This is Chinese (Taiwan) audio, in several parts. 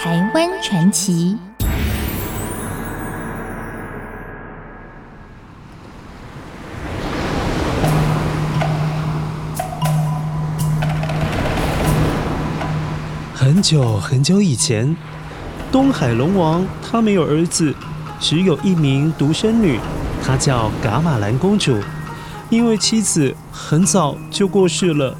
台灣傳奇。很久很久以前，東海龍王他沒有兒子，只有一名獨生女，她叫噶瑪蘭公主。因為妻子很早就過世了。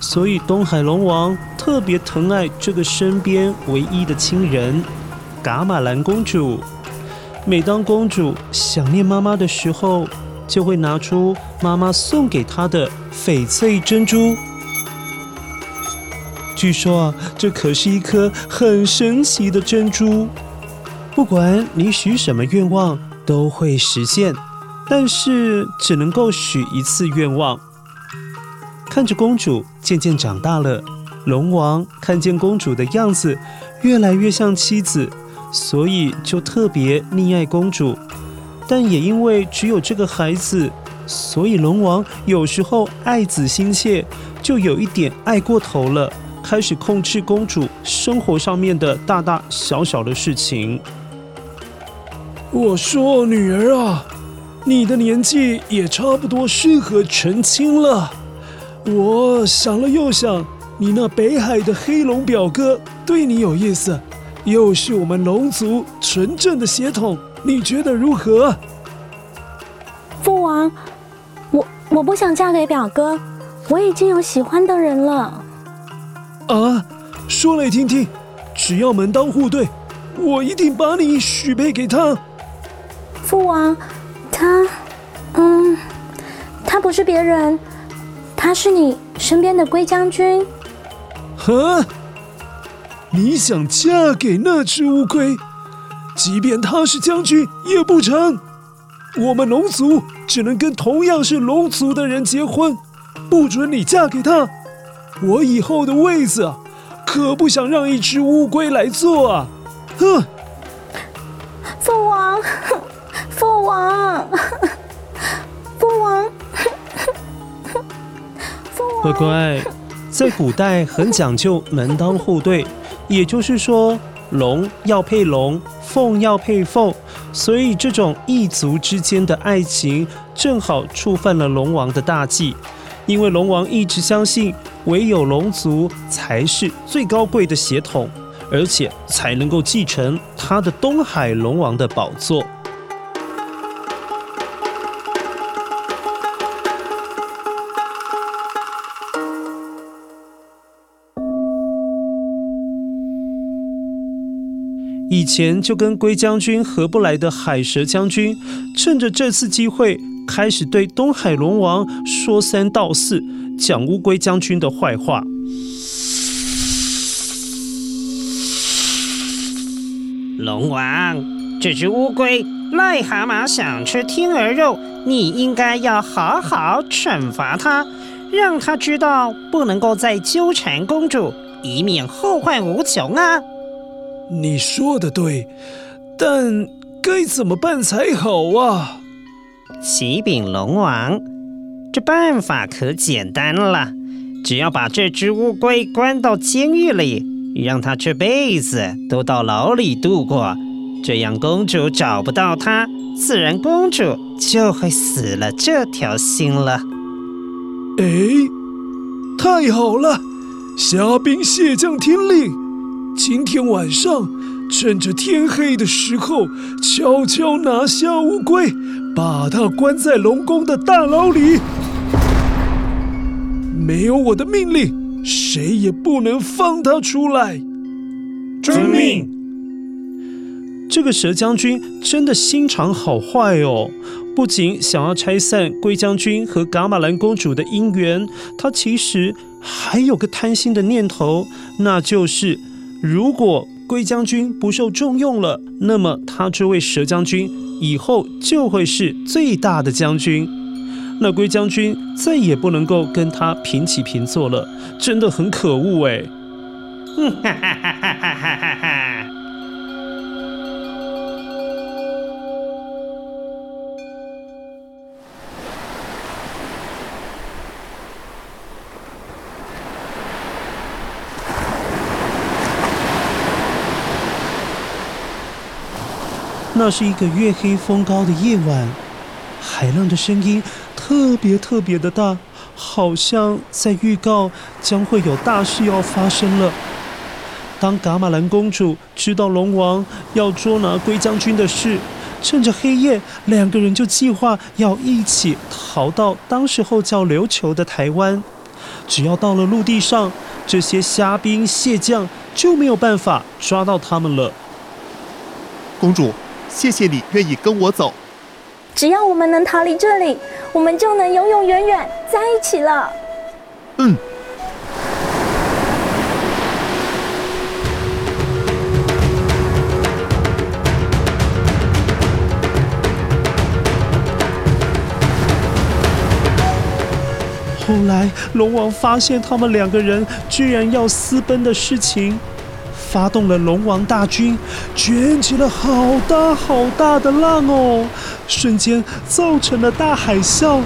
所以，東海龍王特別疼愛這個身邊唯一的親人——噶瑪蘭公主。每當公主想念媽媽的時候，就會拿出媽媽送給她的翡翠珍珠。據說啊，這可是一顆很神奇的珍珠，不管你許什麼願望都會實現，但是只能夠許一次願望。看着公主漸漸長大了，龍王看見公主的樣子越來越像妻子，所以就特別溺愛公主。但也因為只有這個孩子，所以龍王有時候愛子心切，就有一點愛過頭了，開始控制公主生活上面的大大小小的事情。我說：“女兒啊，你的年紀也差不多適合成親了。”我想了又想，你那北海的黑龍表哥對你有意思，又是我們龍族純正的血統，你覺得如何？父王，我我不想嫁給表哥，我已經有喜歡的人了。啊，說來聽聽，只要門當戶對，我一定把你許配給他。父王，他，嗯，他不是別人。他是你身邊的龜將軍。哼、啊！你想嫁給那只烏龜？即便他是將軍也不成。我們龍族只能跟同樣是龍族的人結婚，不准你嫁給他。我以後的位子可不想讓一隻烏龜來坐啊！哼、啊！父王，父王。乖乖，在古代很講究門當戶對，也就是說龍要配龍，鳳要配鳳，所以這種異族之間的愛情正好觸犯了龍王的大忌，因為龍王一直相信唯有龍族才是最高貴的血統，而且才能夠繼承他的東海龍王的寶座。以前就跟龜將軍合不來的海蛇將軍，趁着這次機會開始對東海龍王說三道四，講烏龜將軍的壞話。龍王，這隻烏龜、癩蛤蟆想吃天鵝肉，你應該要好好懲罰它，讓它知道不能夠再糾纏公主，以免後患無窮啊。你說的對，但該怎麼辦才好啊？啟稟龍王，這辦法可簡單了，只要把這隻烏龜關到監獄裡，讓它這輩子都到牢裡度過，這樣公主找不到它，自然公主就會死了這條心了。誒，太好了！蝦兵蟹將聽令。今天晚上，趁着天黑的時候，悄悄拿下烏龜，把它關在龍宮的大牢裡。沒有我的命令，誰也不能放他出來。遵命。這個蛇將軍真的心腸好壞哦！不僅想要拆散龜將軍和噶瑪蘭公主的姻緣，他其實還有個貪心的念頭，那就是。如果龜將軍不受重用了，那麼他這位蛇將軍以後就會是最大的將軍，那龜將軍再也不能夠跟他平起平坐了，真的很可惡哎。嗯 那是一個月黑風高的夜晚，海浪的聲音特別特別的大，好像在預告將會有大事要發生了。當噶瑪蘭公主知道龍王要捉拿龜將軍的事，趁着黑夜，兩個人就計劃要一起逃到當時候叫琉球的台灣。只要到了陸地上，這些蝦兵蟹將就沒有辦法抓到他們了。公主。謝謝你願意跟我走。只要我們能逃離這裡，我們就能永永遠遠在一起了。嗯。後來，龍王發現他們兩個人居然要私奔的事情。發動了龍王大軍，捲起了好大好大的浪哦，瞬間造成了大海嘯，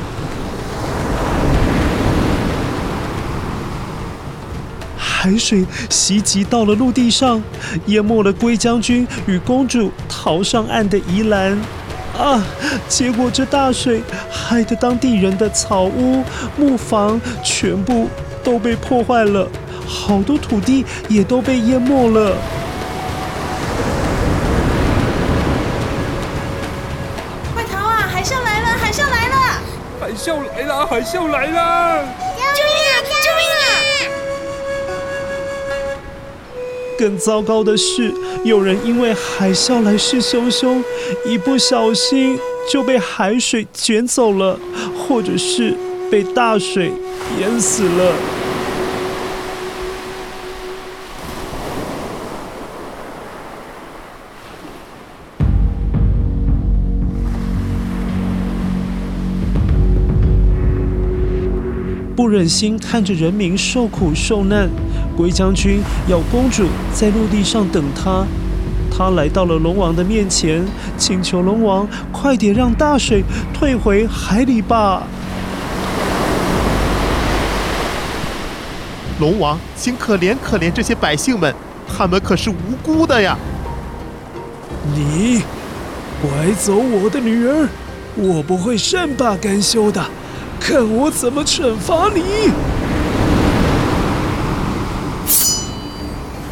海水襲擊到了陸地上，淹沒了龜將軍與公主逃上岸的宜蘭。啊，結果這大水害得當地人的草屋、木房全部都被破壞了。好多土地也都被淹沒了，快逃啊！海嘯來了，海嘯來了！海嘯來了，海嘯來了！救命啊！救命啊！更糟糕的是，有人因為海嘯來勢洶洶，一不小心就被海水卷走了，或者是被大水淹死了。不忍心看着人民受苦受難，龜將軍要公主在陸地上等他。他來到了龍王的面前，請求龍王快點讓大水退回海裡吧。龍王，請可憐可憐這些百姓們，他們可是無辜的呀！你拐走我的女兒，我不會善罷甘休的。看我怎麼懲罰你！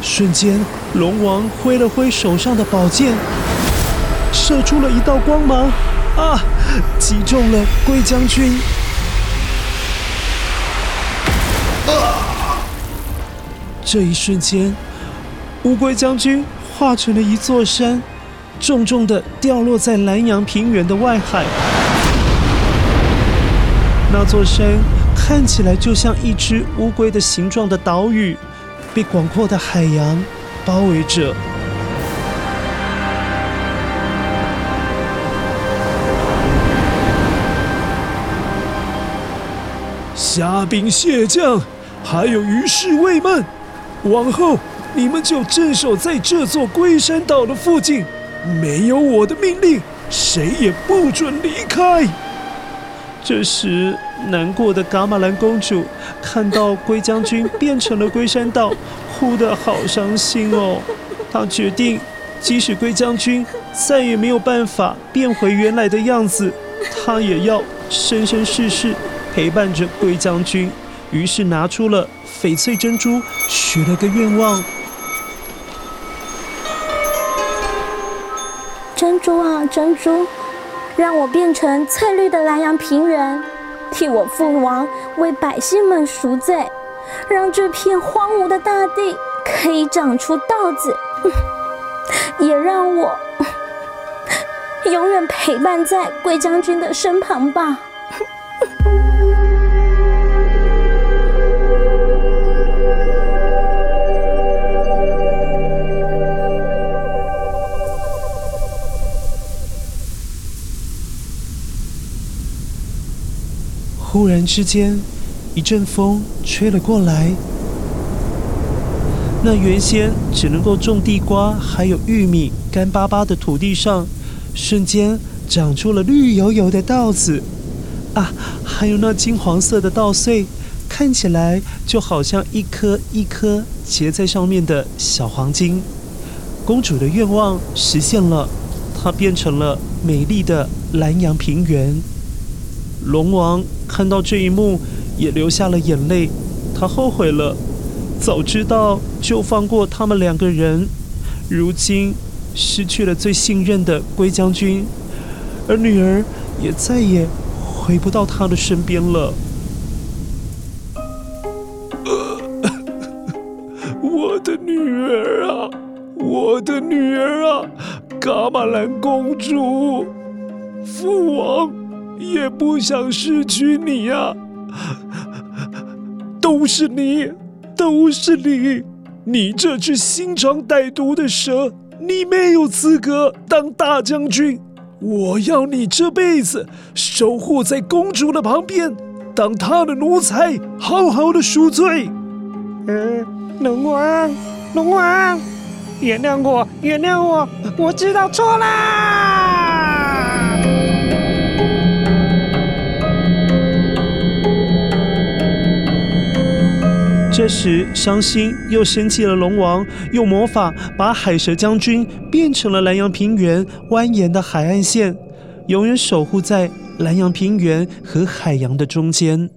瞬間，龍王揮了揮手上的寶劍，射出了一道光芒，啊，擊中了龜將軍。啊！這一瞬間，烏龜將軍化成了一座山，重重的掉落在蘭陽平原的外海。那座山看起來就像一隻烏龜的形狀的島嶼，被廣闊的海洋包圍着。蝦兵蟹將，還有魚侍衛們，往後你們就鎮守在這座龜山島的附近，沒有我的命令，誰也不准離開。這時，難過的噶瑪蘭公主看到龜將軍變成了龜山島，哭得好傷心哦。她決定，即使龜將軍再也沒有辦法變回原來的樣子，她也要生生世世陪伴着龜將軍。於是拿出了翡翠珍珠，許了個願望。珍珠啊，珍珠！讓我變成翠綠的蘭陽平原，替我父王為百姓們贖罪，讓這片荒蕪的大地可以長出稻子，也讓我永遠陪伴在龜將軍的身旁吧。忽然之間，一陣風吹了過來。那原先只能夠種地瓜還有玉米乾巴巴的土地上，瞬間長出了綠油油的稻子啊！還有那金黃色的稻穗，看起來就好像一顆一顆結在上面的小黃金。公主的願望實現了，她變成了美麗的蘭陽平原。龍王看到這一幕，也流下了眼淚。他後悔了，早知道就放過他們兩個人。如今失去了最信任的龜將軍，而女兒也再也回不到他的身邊了。我的女兒啊，我的女兒啊，噶瑪蘭公主，父王。也不想失去你呀！啊，都是你，都是你，你這隻心腸歹毒的蛇，你沒有資格當大將軍。我要你這輩子守護在公主的旁邊，當她的奴才，好好的贖罪。嗯、呃，龍王，龍王，原諒我，原諒我，我知道錯啦。這時，傷心又生氣了，龍王用魔法把海蛇將軍變成了蘭陽平原蜿蜒的海岸線，永遠守護在蘭陽平原和海洋的中間。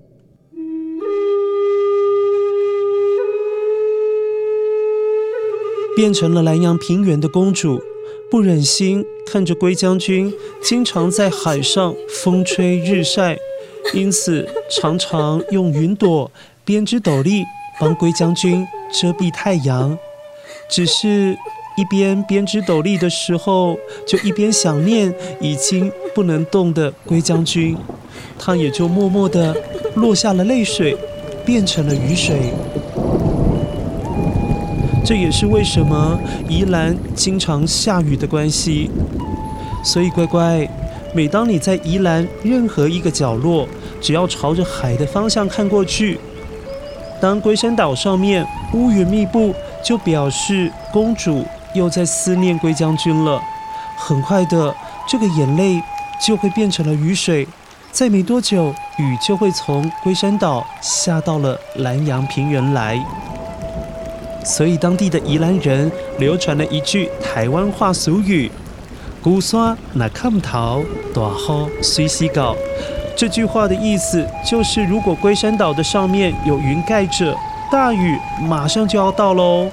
變成了蘭陽平原的公主，不忍心看着龜將軍經常在海上風吹日曬，因此常常用雲朵編織斗笠，幫龜將軍遮蔽太陽，只是一邊編織斗笠的時候，就一邊想念已經不能動的龜將軍，他也就默默地落下了淚水，變成了雨水。這也是為什麼宜蘭經常下雨的關係。所以乖乖，每當你在宜蘭任何一個角落，只要朝着海的方向看過去。當龜山島上面烏雲密布，就表示公主又在思念龜將軍了。很快的，這個眼淚就會變成了雨水，再沒多久，雨就會從龜山島下到了南洋平原來。所以，當地的宜蘭人流傳了一句台灣話俗語：“龜山若戴帽，大雨隨時到。”這句話的意思就是，如果龜山島的上面有雲蓋着，大雨馬上就要到嘍。